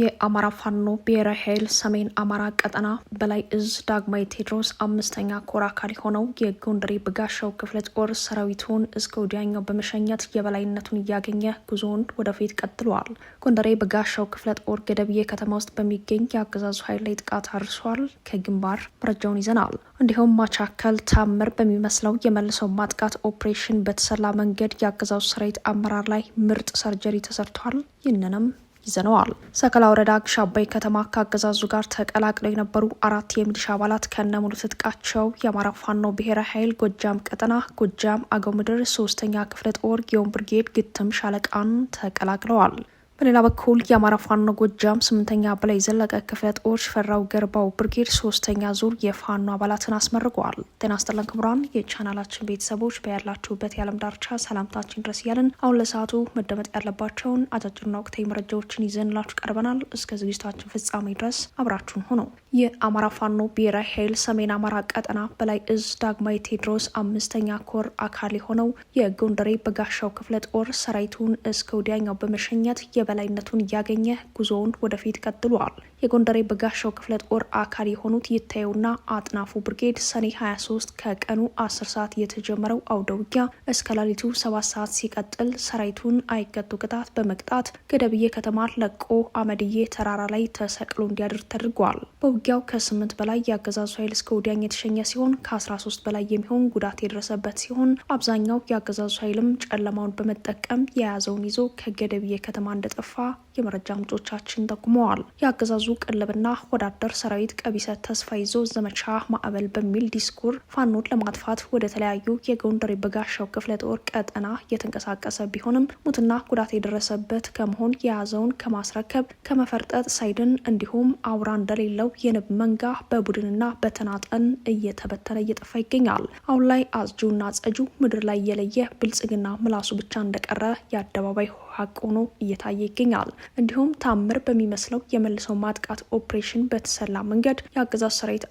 የአማራ ፋኖ ብሔራዊ ኃይል ሰሜን አማራ ቀጠና በላይ እዝ ዳግማዊ ቴዎድሮስ አምስተኛ ኮር አካል የሆነው የጎንደሬ ብጋሻው ክፍለ ጦር ሰራዊቱን እስከ ወዲያኛው በመሸኘት የበላይነቱን እያገኘ ጉዞውን ወደፊት ቀጥሏል። ጎንደሬ ብጋሻው ክፍለ ጦር ገደብዬ ከተማ ውስጥ በሚገኝ የአገዛዙ ኃይል ላይ ጥቃት አድርሷል። ከግንባር መረጃውን ይዘናል። እንዲሁም ማቻከል ታምር በሚመስለው የመልሰው ማጥቃት ኦፕሬሽን በተሰላ መንገድ የአገዛዙ ሰራዊት አመራር ላይ ምርጥ ሰርጀሪ ተሰርቷል። ይህንንም ይዘነዋል። ሰከላ ወረዳ ግሽ አባይ ከተማ ከአገዛዙ ጋር ተቀላቅለው የነበሩ አራት የሚሊሻ አባላት ከነሙሉ ትጥቃቸው የአማራ ፋኖ ብሔራዊ ኃይል ጎጃም ቀጠና ጎጃም አገው ምድር ሶስተኛ ክፍለ ጦር ጊዮን ብርጌድ ግትም ሻለቃን ተቀላቅለዋል። በሌላ በኩል የአማራ ፋኖ ጎጃም ስምንተኛ በላይ ዘለቀ ክፍለ ጦር ሽፈራው ገርባው ብርጌድ ሶስተኛ ዙር የፋኖ አባላትን አስመርገዋል። ጤና ይስጥልን ክቡራን የቻናላችን ቤተሰቦች በያላችሁበት የዓለም ዳርቻ ሰላምታችን ድረስ እያልን አሁን ለሰዓቱ መደመጥ ያለባቸውን አጫጭርና ወቅታዊ መረጃዎችን ይዘንላችሁ ቀርበናል። እስከ ዝግጅታችን ፍጻሜ ድረስ አብራችሁን ሆነው የአማራ ፋኖ ብሔራዊ ኃይል ሰሜን አማራ ቀጠና በላይ እዝ ዳግማዊ ቴዎድሮስ አምስተኛ ኮር አካል የሆነው የጎንደሬ በጋሻው ክፍለ ጦር ሰራዊቱን እስከ ወዲያኛው በመሸኘት የበላይነቱን እያገኘ ጉዞውን ወደፊት ቀጥሏል። የጎንደር በጋሻው ክፍለ ጦር አካል የሆኑት ይታየውና አጥናፉ ብርጌድ ሰኔ 23 ከቀኑ 10 ሰዓት የተጀመረው አውደ ውጊያ እስከ ሌሊቱ 7 ሰዓት ሲቀጥል ሰራዊቱን አይቀጡ ቅጣት በመቅጣት ገደብዬ ከተማ ለቆ አመድዬ ተራራ ላይ ተሰቅሎ እንዲያድር ተደርጓል። በውጊያው ከ8 በላይ የአገዛዙ ኃይል እስከ ወዲያኝ የተሸኘ ሲሆን ከ13 በላይ የሚሆን ጉዳት የደረሰበት ሲሆን አብዛኛው የአገዛዙ ኃይልም ጨለማውን በመጠቀም የያዘውን ይዞ ከገደብዬ ከተማ እንደጠፋ የመረጃ ምንጮቻችን ጠቁመዋል። የአገዛዙ ብዙ ቅልብና ወዳደር ሰራዊት ቀቢሰ ተስፋ ይዞ ዘመቻ ማዕበል በሚል ዲስኩር ፋኖን ለማጥፋት ወደ ተለያዩ የጎንደር የበጋሻው ክፍለ ጦር ቀጠና እየተንቀሳቀሰ ቢሆንም ሙትና ጉዳት የደረሰበት ከመሆን የያዘውን ከማስረከብ ከመፈርጠጥ ሳይድን እንዲሁም አውራ እንደሌለው የንብ መንጋ በቡድንና በተናጠን እየተበተነ እየጠፋ ይገኛል። አሁን ላይ አዝጁና ጸጁ ምድር ላይ የለየ ብልጽግና ምላሱ ብቻ እንደቀረ የአደባባይ ሀቅ ሆኖ እየታየ ይገኛል። እንዲሁም ታምር በሚመስለው የመልሰው ማጥቃት ኦፕሬሽን በተሰላ መንገድ የአገዛዝ ሰራዊት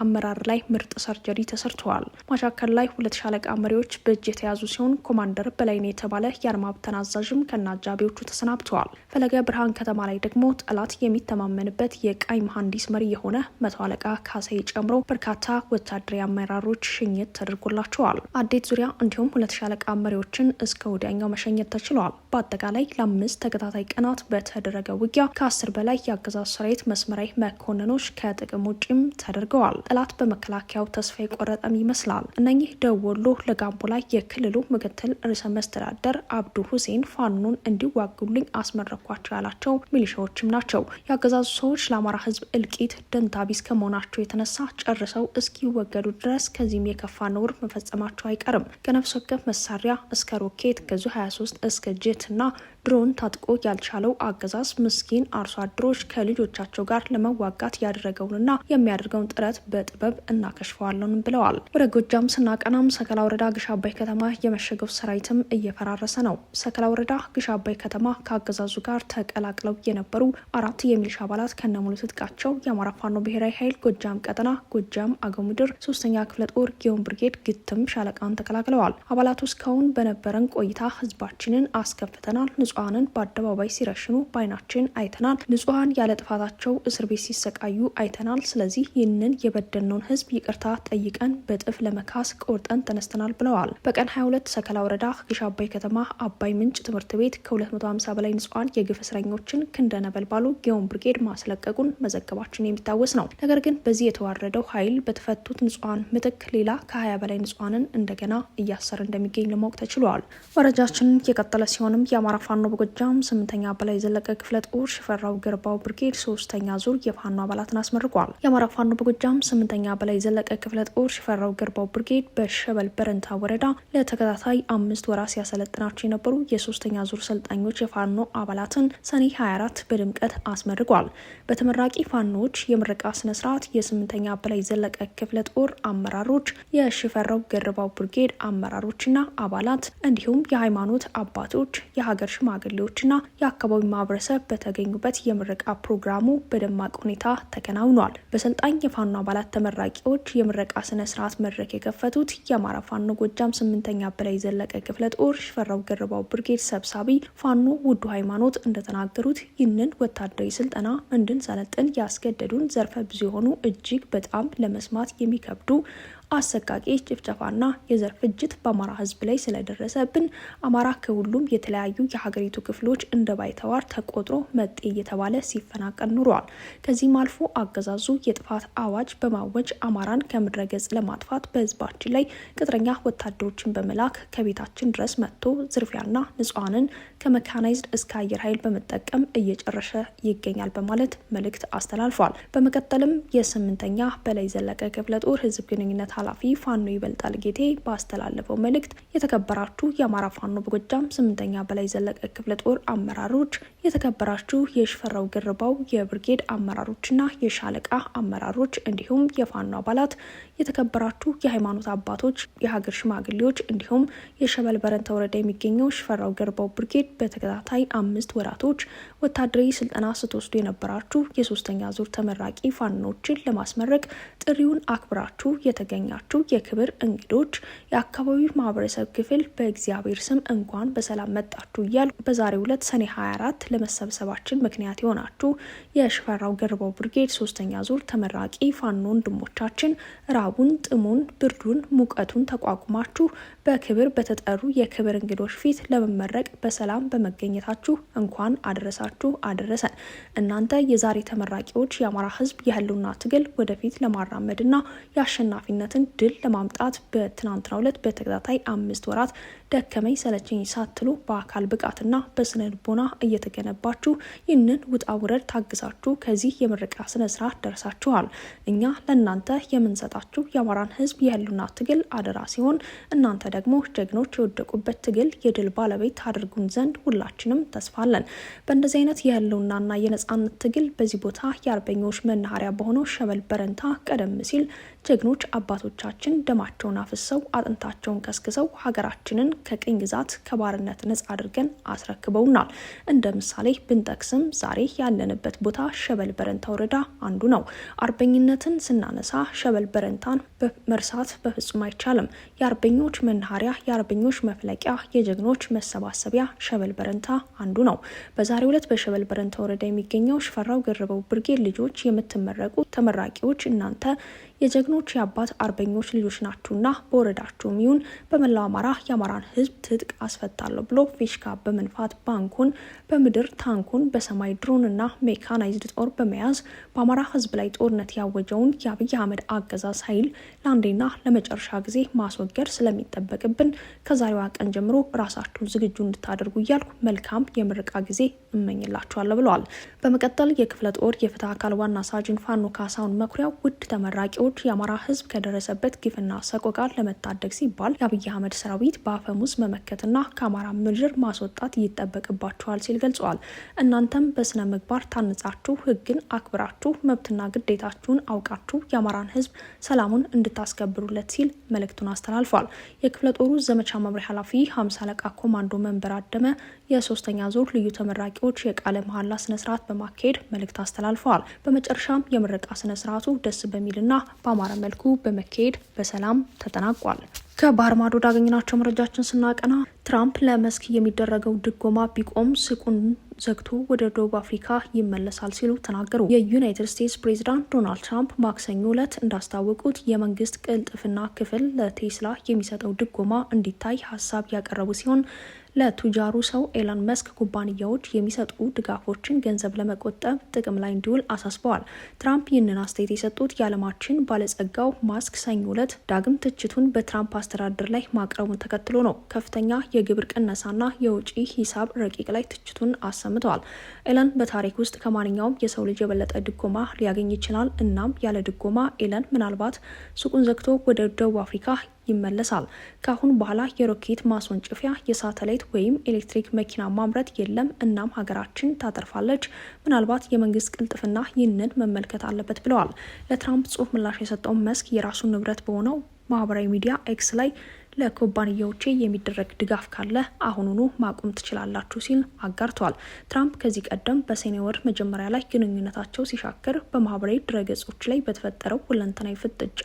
አመራር ላይ ምርጥ ሰርጀሪ ተሰርተዋል። ማሻከል ላይ ሁለት ሻለቃ መሪዎች በእጅ የተያዙ ሲሆን ኮማንደር በላይነው የተባለ የአድማ ብተና አዛዥም ከነአጃቢዎቹ ተሰናብተዋል። ፈለገ ብርሃን ከተማ ላይ ደግሞ ጠላት የሚተማመንበት የቃይ መሐንዲስ መሪ የሆነ መቶ አለቃ ካሳይ ጨምሮ በርካታ ወታደራዊ አመራሮች ሽኝት ተደርጎላቸዋል። አዴት ዙሪያ እንዲሁም ሁለት ሻለቃ መሪዎችን እስከ ወዲያኛው መሸኘት ተችሏል። በአጠቃላይ ለአምስት ተከታታይ ቀናት በተደረገ ውጊያ ከአስር በላይ የአገዛዝ ሰራዊት መስመራዊ መኮንኖች ከጥቅም ውጪም ተደርገዋል። ጠላት በመከላከያው ተስፋ የቆረጠም ይመስላል። እነኚህ ደወሎ ለጋምቦ ላይ የክልሉ ምክትል ርዕሰ መስተዳደር አብዱ ሁሴን ፋኖን እንዲዋጉልኝ አስመረኳቸው ያላቸው ሚሊሻዎችም ናቸው። የአገዛዙ ሰዎች ለአማራ ሕዝብ እልቂት ደንታቢስ ከመሆናቸው የተነሳ ጨርሰው እስኪወገዱ ድረስ ከዚህም የከፋ ነውር መፈጸማቸው አይቀርም። ከነፍስ ወከፍ መሳሪያ እስከ ሮኬት ከዙ 23 እስከ ጄት ሮኬትና ድሮን ታጥቆ ያልቻለው አገዛዝ ምስኪን አርሶ አደሮች ከልጆቻቸው ጋር ለመዋጋት ያደረገውንና የሚያደርገውን ጥረት በጥበብ እናከሽፈዋለን ብለዋል። ወደ ጎጃም ስናቀናም ሰከላ ወረዳ ግሽ አባይ ከተማ የመሸገው ሰራዊትም እየፈራረሰ ነው። ሰከላ ወረዳ ግሽ አባይ ከተማ ከአገዛዙ ጋር ተቀላቅለው የነበሩ አራት የሚሊሻ አባላት ከነሙሉ ትጥቃቸው የአማራ ፋኖ ብሔራዊ ኃይል ጎጃም ቀጠና ጎጃም አገው ምድር ሶስተኛ ክፍለ ጦር ጊዮን ብርጌድ ግትም ሻለቃን ተቀላቅለዋል። አባላቱ እስካሁን በነበረን ቆይታ ህዝባችንን አስከፍ አስከፍተናል። ንጹሐንን በአደባባይ ሲረሽኑ በአይናችን አይተናል። ንጹሐን ያለ ጥፋታቸው እስር ቤት ሲሰቃዩ አይተናል። ስለዚህ ይህንን የበደነውን ህዝብ ይቅርታ ጠይቀን በጥፍ ለመካስ ቆርጠን ተነስተናል ብለዋል። በቀን 22 ሰከላ ወረዳ ግሽ አባይ ከተማ አባይ ምንጭ ትምህርት ቤት ከ250 በላይ ንጹሐን የግፍ እስረኞችን ክንደነበልባሉ ጊዮን ብርጌድ ማስለቀቁን መዘገባችን የሚታወስ ነው። ነገር ግን በዚህ የተዋረደው ኃይል በተፈቱት ንጹሐን ምትክ ሌላ ከ20 በላይ ንጹሐንን እንደገና እያሰረ እንደሚገኝ ለማወቅ ተችሏል። መረጃችንን የቀጠለ ሲሆንም በመሆንም የአማራ ፋኖ በጎጃም ስምንተኛ በላይ ዘለቀ ክፍለ ጦር ሽፈራው ገርባው ብርጌድ ሶስተኛ ዙር የፋኖ አባላትን አስመርቋል። የአማራ ፋኖ በጎጃም ስምንተኛ በላይ ዘለቀ ክፍለ ጦር ሽፈራው ገርባው ብርጌድ በሸበል በረንታ ወረዳ ለተከታታይ አምስት ወራት ሲያሰለጥናቸው የነበሩ የሶስተኛ ዙር ሰልጣኞች የፋኖ አባላትን ሰኔ 24 በድምቀት አስመርቋል። በተመራቂ ፋኖዎች የምረቃ ስነስርዓት የስምንተኛ በላይ ዘለቀ ክፍለ ጦር አመራሮች፣ የሽፈራው ገርባው ብርጌድ አመራሮችና አባላት እንዲሁም የሃይማኖት አባቶች የሀገር ሽማግሌዎችና የአካባቢ ማህበረሰብ በተገኙበት የምረቃ ፕሮግራሙ በደማቅ ሁኔታ ተከናውኗል። በሰልጣኝ የፋኖ አባላት ተመራቂዎች የምረቃ ስነ ስርዓት መድረክ የከፈቱት የአማራ ፋኖ ጎጃም ስምንተኛ በላይ ዘለቀ ክፍለ ጦር ሽፈራው ገርባው ብርጌድ ሰብሳቢ ፋኖ ውዱ ሃይማኖት እንደተናገሩት ይህንን ወታደራዊ ስልጠና እንድንሰለጥን ያስገደዱን ዘርፈ ብዙ የሆኑ እጅግ በጣም ለመስማት የሚከብዱ አሰቃቂ ጭፍጨፋና የዘር ፍጅት በአማራ ህዝብ ላይ ስለደረሰብን አማራ ከሁሉም የተለያዩ የሀገሪቱ ክፍሎች እንደ ባይተዋር ተቆጥሮ መጤ እየተባለ ሲፈናቀል ኑሯል። ከዚህም አልፎ አገዛዙ የጥፋት አዋጅ በማወጅ አማራን ከምድረ ገጽ ለማጥፋት በህዝባችን ላይ ቅጥረኛ ወታደሮችን በመላክ ከቤታችን ድረስ መጥቶ ዝርፊያና ንጹሐንን ከመካናይዝድ እስከ አየር ኃይል በመጠቀም እየጨረሰ ይገኛል በማለት መልእክት አስተላልፏል። በመቀጠልም የስምንተኛ በላይ ዘለቀ ክፍለ ጦር ህዝብ ግንኙነት ኃላፊ ፋኖ ይበልጣል ጌቴ ባስተላለፈው መልእክት የተከበራችሁ የአማራ ፋኖ በጎጃም ስምንተኛ በላይ ዘለቀ ክፍለ ጦር አመራሮች፣ የተከበራችሁ የሽፈራው ግርባው የብርጌድ አመራሮችና የሻለቃ አመራሮች እንዲሁም የፋኖ አባላት፣ የተከበራችሁ የሃይማኖት አባቶች፣ የሀገር ሽማግሌዎች እንዲሁም የሸበል በረንታ ወረዳ የሚገኘው ሽፈራው ግርባው ብርጌድ በተከታታይ አምስት ወራቶች ወታደራዊ ስልጠና ስትወስዱ የነበራችሁ የሶስተኛ ዙር ተመራቂ ፋኖችን ለማስመረቅ ጥሪውን አክብራችሁ የተገኘ የተገኛችሁ የክብር እንግዶች፣ የአካባቢው ማህበረሰብ ክፍል በእግዚአብሔር ስም እንኳን በሰላም መጣችሁ እያል በዛሬው ዕለት ሰኔ 24 ለመሰብሰባችን ምክንያት የሆናችሁ የሽፈራው ገርባው ብርጌድ ሶስተኛ ዙር ተመራቂ ፋኖ ወንድሞቻችን ራቡን፣ ጥሙን፣ ብርዱን፣ ሙቀቱን ተቋቁማችሁ በክብር በተጠሩ የክብር እንግዶች ፊት ለመመረቅ በሰላም በመገኘታችሁ እንኳን አደረሳችሁ አደረሰን። እናንተ የዛሬ ተመራቂዎች የአማራ ህዝብ የህልውና ትግል ወደፊት ለማራመድና የአሸናፊነትን ያሉትን ድል ለማምጣት በትናንትናው ዕለት በተከታታይ አምስት ወራት ደከመኝ ሰለቸኝ ሳትሉ በአካል ብቃትና በስነ ልቦና እየተገነባችሁ ይህንን ውጣ ውረድ ታግሳችሁ ከዚህ የምረቃ ስነ ስርዓት ደርሳችኋል። እኛ ለእናንተ የምንሰጣችሁ የአማራን ህዝብ የህልውና ትግል አደራ ሲሆን እናንተ ደግሞ ጀግኖች የወደቁበት ትግል የድል ባለቤት አድርጉን ዘንድ ሁላችንም ተስፋለን በእንደዚህ አይነት የህልውናና የነጻነት ትግል በዚህ ቦታ የአርበኞች መናኸሪያ በሆነው ሸበል በረንታ ቀደም ሲል ጀግኖች አባቶቻችን ደማቸውን አፍሰው አጥንታቸውን ከስክሰው ሀገራችንን ከቅኝ ግዛት ከባርነት ነጻ አድርገን አስረክበውናል። እንደ ምሳሌ ብንጠቅስም ዛሬ ያለንበት ቦታ ሸበል በረንታ ወረዳ አንዱ ነው። አርበኝነትን ስናነሳ ሸበል በረንታን መርሳት በፍጹም አይቻልም። የአርበኞች መናኸሪያ፣ የአርበኞች መፍለቂያ፣ የጀግኖች መሰባሰቢያ ሸበል በረንታ አንዱ ነው። በዛሬው ዕለት በሸበል በረንታ ወረዳ የሚገኘው ሽፈራው ገርበው ብርጌድ ልጆች የምትመረቁ ተመራቂዎች እናንተ የጀግኖች የአባት አርበኞች ልጆች ናችሁና በወረዳችሁ ይሁን በመላው አማራ የአማራን ህዝብ ትጥቅ አስፈታለሁ ብሎ ፌሽካ በመንፋት ባንኩን በምድር ታንኩን በሰማይ ድሮንና ሜካናይዝድ ጦር በመያዝ በአማራ ሕዝብ ላይ ጦርነት ያወጀውን የአብይ አህመድ አገዛዝ ኃይል ለአንዴና ለመጨረሻ ጊዜ ማስወገድ ስለሚጠበቅብን ከዛሬዋ ቀን ጀምሮ ራሳችሁን ዝግጁ እንድታደርጉ እያልኩ መልካም የምርቃ ጊዜ እመኝላችኋለሁ ብለዋል። በመቀጠል የክፍለ ጦር የፍትህ አካል ዋና ሳጅን ፋኖ ካሳውን መኩሪያ ውድ ተመራቂው ሰዎች የአማራ ህዝብ ከደረሰበት ግፍና ሰቆቃ ለመታደግ ሲባል የአብይ አህመድ ሰራዊት በአፈሙዝ መመከትና ከአማራ ምድር ማስወጣት ይጠበቅባቸዋል ሲል ገልጸዋል። እናንተም በስነ ምግባር ታንጻችሁ ህግን አክብራችሁ መብትና ግዴታችሁን አውቃችሁ የአማራን ህዝብ ሰላሙን እንድታስከብሩለት ሲል መልእክቱን አስተላልፏል። የክፍለ ጦሩ ዘመቻ መምሪያ ኃላፊ ሀምሳ አለቃ ኮማንዶ መንበር አደመ የሶስተኛ ዙር ልዩ ተመራቂዎች የቃለ መሐላ ስነስርዓት በማካሄድ መልእክት አስተላልፈዋል። በመጨረሻም የምረቃ ስነስርዓቱ ደስ በሚልና በአማረ መልኩ በመካሄድ በሰላም ተጠናቋል። ከባህር ማዶ ወዳገኘናቸው መረጃችን ስናቀና ትራምፕ ለመስክ የሚደረገው ድጎማ ቢቆም ስቁን ዘግቶ ወደ ደቡብ አፍሪካ ይመለሳል ሲሉ ተናገሩ። የዩናይትድ ስቴትስ ፕሬዚዳንት ዶናልድ ትራምፕ ማክሰኞ ዕለት እንዳስታወቁት የመንግስት ቅልጥፍና ክፍል ለቴስላ የሚሰጠው ድጎማ እንዲታይ ሀሳብ ያቀረቡ ሲሆን ለቱጃሩ ሰው ኤላን መስክ ኩባንያዎች የሚሰጡ ድጋፎችን ገንዘብ ለመቆጠብ ጥቅም ላይ እንዲውል አሳስበዋል። ትራምፕ ይህንን አስተያየት የሰጡት የዓለማችን ባለጸጋው ማስክ ሰኞ ዕለት ዳግም ትችቱን በትራምፕ አስተዳደር ላይ ማቅረቡን ተከትሎ ነው። ከፍተኛ የግብር ቅነሳና የውጪ ሂሳብ ረቂቅ ላይ ትችቱን አሰምተዋል። ኤለን በታሪክ ውስጥ ከማንኛውም የሰው ልጅ የበለጠ ድጎማ ሊያገኝ ይችላል። እናም ያለ ድጎማ ኤለን ምናልባት ሱቁን ዘግቶ ወደ ደቡብ አፍሪካ ይመለሳል። ከአሁን በኋላ የሮኬት ማስወንጨፊያ የሳተላይት ወይም ኤሌክትሪክ መኪና ማምረት የለም። እናም ሀገራችን ታተርፋለች። ምናልባት የመንግስት ቅልጥፍና ይህንን መመልከት አለበት ብለዋል። ለትራምፕ ጽሁፍ ምላሽ የሰጠው መስክ የራሱ ንብረት በሆነው ማህበራዊ ሚዲያ ኤክስ ላይ ለኩባንያዎቼ የሚደረግ ድጋፍ ካለ አሁኑኑ ማቆም ትችላላችሁ ሲል አጋርተዋል። ትራምፕ ከዚህ ቀደም በሰኔ ወር መጀመሪያ ላይ ግንኙነታቸው ሲሻክር በማህበራዊ ድረገጾች ላይ በተፈጠረው ሁለንተናዊ ፍጥጫ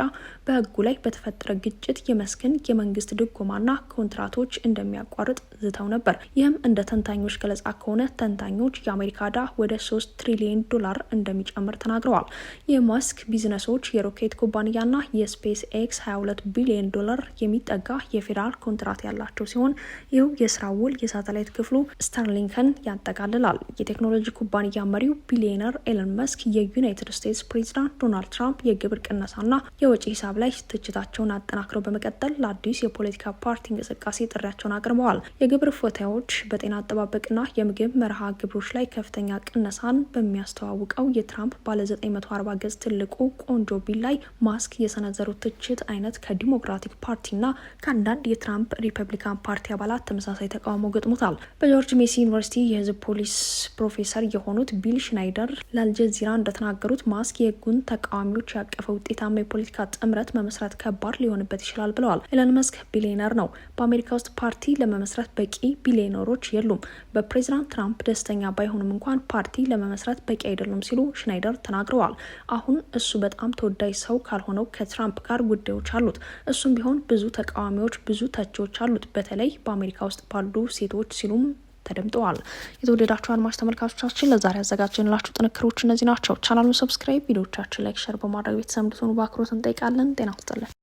በህጉ ላይ በተፈጠረ ግጭት የመስክን የመንግስት ድጎማና ኮንትራቶች እንደሚያቋርጥ ዝተው ነበር። ይህም እንደ ተንታኞች ገለጻ ከሆነ ተንታኞች የአሜሪካ ዕዳ ወደ ሶስት ትሪሊዮን ዶላር እንደሚጨምር ተናግረዋል። የማስክ ቢዝነሶች የሮኬት ኩባንያና የስፔስ ኤክስ 22 ቢሊዮን ዶላር የሚጠጋ የፌዴራል ኮንትራት ያላቸው ሲሆን ይህ የስራ ውል የሳተላይት ክፍሉ ስታርሊንክን ያጠቃልላል። የቴክኖሎጂ ኩባንያ መሪው ቢሊዮነር ኤለን መስክ የዩናይትድ ስቴትስ ፕሬዚዳንት ዶናልድ ትራምፕ የግብር ቅነሳና የወጪ ሂሳብ ላይ ትችታቸውን አጠናክረው በመቀጠል ለአዲስ የፖለቲካ ፓርቲ እንቅስቃሴ ጥሪያቸውን አቅርበዋል። የግብር ፎታዎች በጤና አጠባበቅና የምግብ መርሃ ግብሮች ላይ ከፍተኛ ቅነሳን በሚያስተዋውቀው የትራምፕ ባለ 940 ገጽ ትልቁ ቆንጆ ቢል ላይ ማስክ የሰነዘሩት ትችት አይነት ከዲሞክራቲክ ፓርቲና ከ ከአንዳንድ የትራምፕ ሪፐብሊካን ፓርቲ አባላት ተመሳሳይ ተቃውሞ ገጥሞታል። በጆርጅ ሜሲ ዩኒቨርሲቲ የህዝብ ፖሊስ ፕሮፌሰር የሆኑት ቢል ሽናይደር ለአልጀዚራ እንደተናገሩት ማስክ የህጉን ተቃዋሚዎች ያቀፈ ውጤታማ የፖለቲካ ጥምረት መመስረት ከባድ ሊሆንበት ይችላል ብለዋል። ኤለን መስክ ቢሊዮነር ነው። በአሜሪካ ውስጥ ፓርቲ ለመመስረት በቂ ቢሊዮነሮች የሉም። በፕሬዚዳንት ትራምፕ ደስተኛ ባይሆኑም እንኳን ፓርቲ ለመመስረት በቂ አይደሉም ሲሉ ሽናይደር ተናግረዋል። አሁን እሱ በጣም ተወዳጅ ሰው ካልሆነው ከትራምፕ ጋር ጉዳዮች አሉት። እሱም ቢሆን ብዙ ተቃዋሚዎች ባለሙያዎች ብዙ ተቺዎች አሉት፣ በተለይ በአሜሪካ ውስጥ ባሉ ሴቶች ሲሉም ተደምጠዋል። የተወደዳችሁ አድማጭ ተመልካቾቻችን ለዛሬ ያዘጋጀንላችሁ ጥንክሮች እነዚህ ናቸው። ቻናሉን ሰብስክራይብ፣ ቪዲዮቻችን ላይክ፣ ሸር በማድረግ ቤተሰብ እንድትሆኑ በአክብሮት እንጠይቃለን። ጤና ይስጥልን።